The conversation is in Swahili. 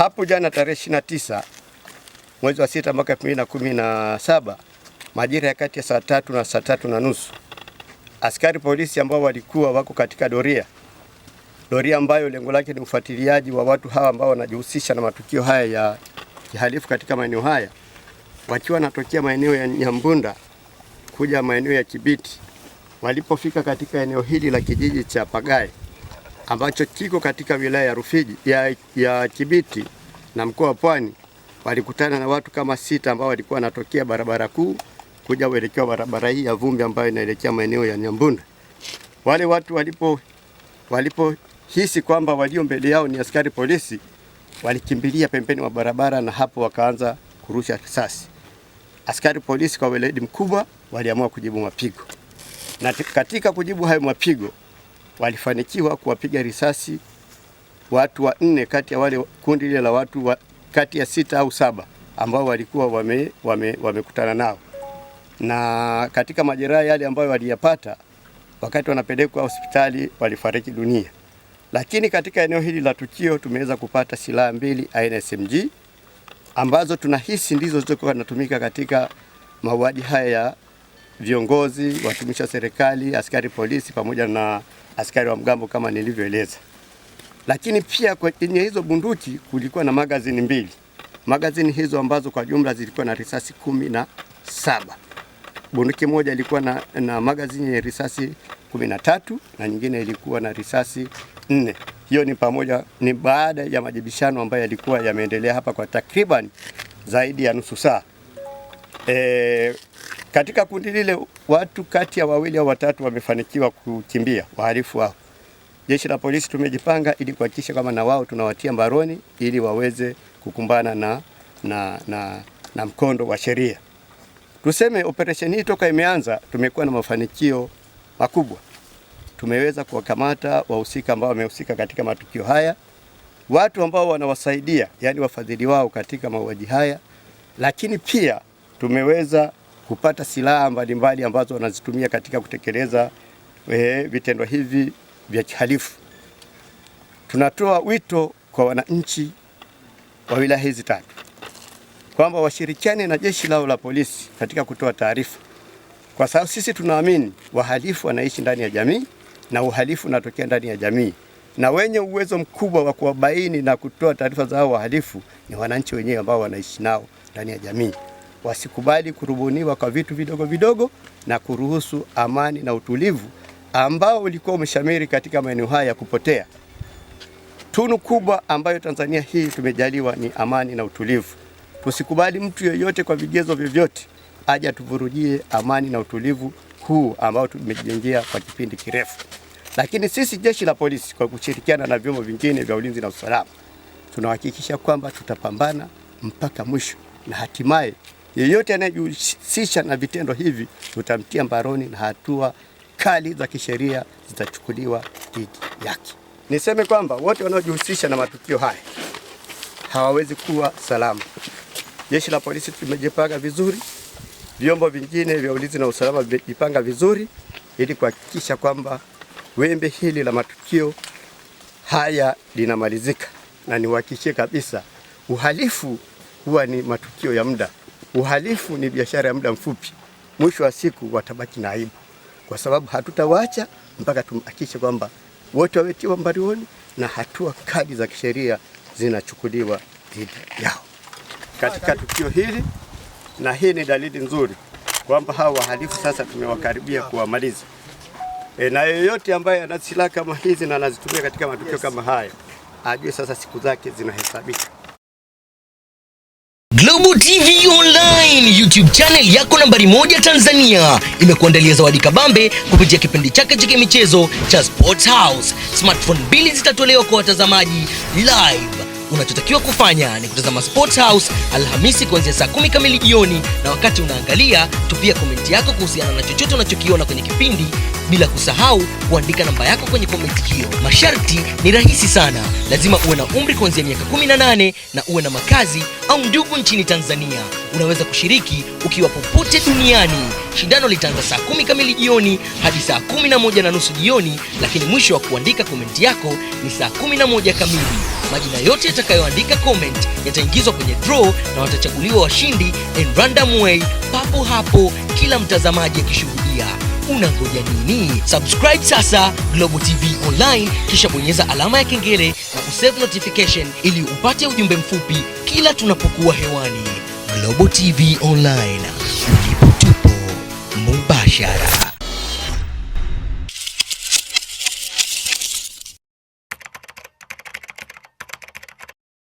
hapo jana tarehe 29 mwezi wa sita mwaka elfu na saba majira ya kati ya saa tatu na saa tatu na nusu askari polisi ambao walikuwa wako katika doria doria ambayo lengo lake ni ufuatiliaji wa watu hawa ambao wanajihusisha na matukio haya ya kihalifu katika maeneo haya, wakiwa wanatokea maeneo ya Nyambunda kuja maeneo ya Kibiti, walipofika katika eneo hili la kijiji cha Pagae ambacho kiko katika wilaya ya Rufiji ya, ya Kibiti na mkoa wa Pwani walikutana na watu kama sita ambao walikuwa wanatokea barabara kuu kuja kuelekea barabara hii ya vumbi ambayo inaelekea maeneo ya Nyambunda. Wale watu walipo walipohisi kwamba walio mbele yao ni askari polisi walikimbilia pembeni mwa barabara na hapo wakaanza kurusha risasi. Askari polisi kwa weledi mkubwa waliamua kujibu mapigo, na katika kujibu hayo mapigo walifanikiwa kuwapiga risasi watu wanne kati ya wale kundi lile la watu wa, kati ya sita au saba ambao walikuwa wamekutana wame, wame nao, na katika majeraha yale ambayo waliyapata wakati wanapelekwa hospitali walifariki dunia. Lakini katika eneo hili la tukio tumeweza kupata silaha mbili aina SMG ambazo tunahisi ndizo zilizokuwa zinatumika katika mauaji haya ya viongozi, watumishi wa serikali, askari polisi pamoja na askari wa mgambo kama nilivyoeleza, lakini pia kwenye hizo bunduki kulikuwa na magazini mbili, magazini hizo ambazo kwa jumla zilikuwa na risasi kumi na saba. Bunduki moja ilikuwa na, na magazini ya risasi kumi na tatu na nyingine ilikuwa na risasi nne. Hiyo ni pamoja, ni baada ya majibishano ambayo yalikuwa yameendelea hapa kwa takriban zaidi ya nusu saa e, katika kundi lile watu kati ya wawili au watatu wamefanikiwa kukimbia wahalifu wao. Jeshi la polisi tumejipanga ili kuhakikisha kama na wao tunawatia mbaroni ili waweze kukumbana na, na, na, na mkondo wa sheria. Tuseme operesheni hii toka imeanza tumekuwa na mafanikio makubwa. Tumeweza kuwakamata wahusika ambao wamehusika katika matukio haya, watu ambao wanawasaidia, yani wafadhili wao katika mauaji haya, lakini pia tumeweza kupata silaha mbalimbali ambazo wanazitumia katika kutekeleza eh, vitendo hivi vya kihalifu. Tunatoa wito kwa wananchi wa wilaya hizi tatu kwamba washirikiane na jeshi lao la polisi katika kutoa taarifa, kwa sababu sisi tunaamini wahalifu wanaishi ndani ya jamii na uhalifu unatokea ndani ya jamii, na wenye uwezo mkubwa wa kuwabaini na kutoa taarifa za hao wahalifu ni wananchi wenyewe ambao wanaishi nao ndani ya jamii wasikubali kurubuniwa kwa vitu vidogo vidogo na kuruhusu amani na utulivu ambao ulikuwa umeshamiri katika maeneo haya ya kupotea. Tunu kubwa ambayo Tanzania hii tumejaliwa ni amani na utulivu. Tusikubali mtu yeyote kwa vigezo vyovyote aje tuvurujie amani na utulivu huu ambao tumejengea kwa kipindi kirefu. Lakini sisi jeshi la polisi kwa kushirikiana na vyombo vingine vya ulinzi na usalama tunahakikisha kwamba tutapambana mpaka mwisho na hatimaye Yeyote anayejihusisha na vitendo hivi tutamtia mbaroni na hatua kali za kisheria zitachukuliwa dhidi yake. Niseme kwamba wote wanaojihusisha na matukio haya hawawezi kuwa salama. Jeshi la polisi tumejipanga vizuri, vyombo vingine vya ulinzi na usalama vimejipanga vizuri ili kuhakikisha kwamba wembe hili la matukio haya linamalizika, na niwahakikishie kabisa, uhalifu huwa ni matukio ya muda uhalifu ni biashara ya muda mfupi. Mwisho wa siku watabaki na aibu, kwa sababu hatutawacha mpaka tumhakikishe kwamba wote wametiwa mbaroni na hatua kali za kisheria zinachukuliwa dhidi yao katika tukio hili, na hii ni dalili nzuri kwamba hao wahalifu sasa tumewakaribia kuwamaliza. E, na yeyote ambaye ana silaha kama hizi na anazitumia katika matukio yes, kama haya ajue sasa siku zake zinahesabika. Global TV Online YouTube channel yako nambari moja Tanzania imekuandalia zawadi kabambe kupitia kipindi chake cha michezo cha Sports House. Smartphone mbili zitatolewa kwa watazamaji live. Unachotakiwa kufanya ni kutazama Sports House Alhamisi kuanzia saa kumi kamili jioni, na wakati unaangalia, tupia komenti yako kuhusiana na chochote unachokiona kwenye kipindi bila kusahau kuandika namba yako kwenye komenti hiyo. Masharti ni rahisi sana, lazima uwe na umri kuanzia miaka 18 na uwe na makazi au ndugu nchini Tanzania. Unaweza kushiriki ukiwa popote duniani. Shindano litaanza saa kumi kamili jioni hadi saa kumi na moja na nusu jioni, lakini mwisho wa kuandika komenti yako ni saa kumi na moja kamili. Majina yote yatakayoandika comment yataingizwa kwenye draw na watachaguliwa washindi in random way papo hapo, kila mtazamaji akishuhudia unangoja nini? Subscribe sasa Global TV Online, kisha bonyeza alama ya kengele na usave notification ili upate ujumbe mfupi kila tunapokuwa hewani. Global TV Online, ndipo tupo mubashara.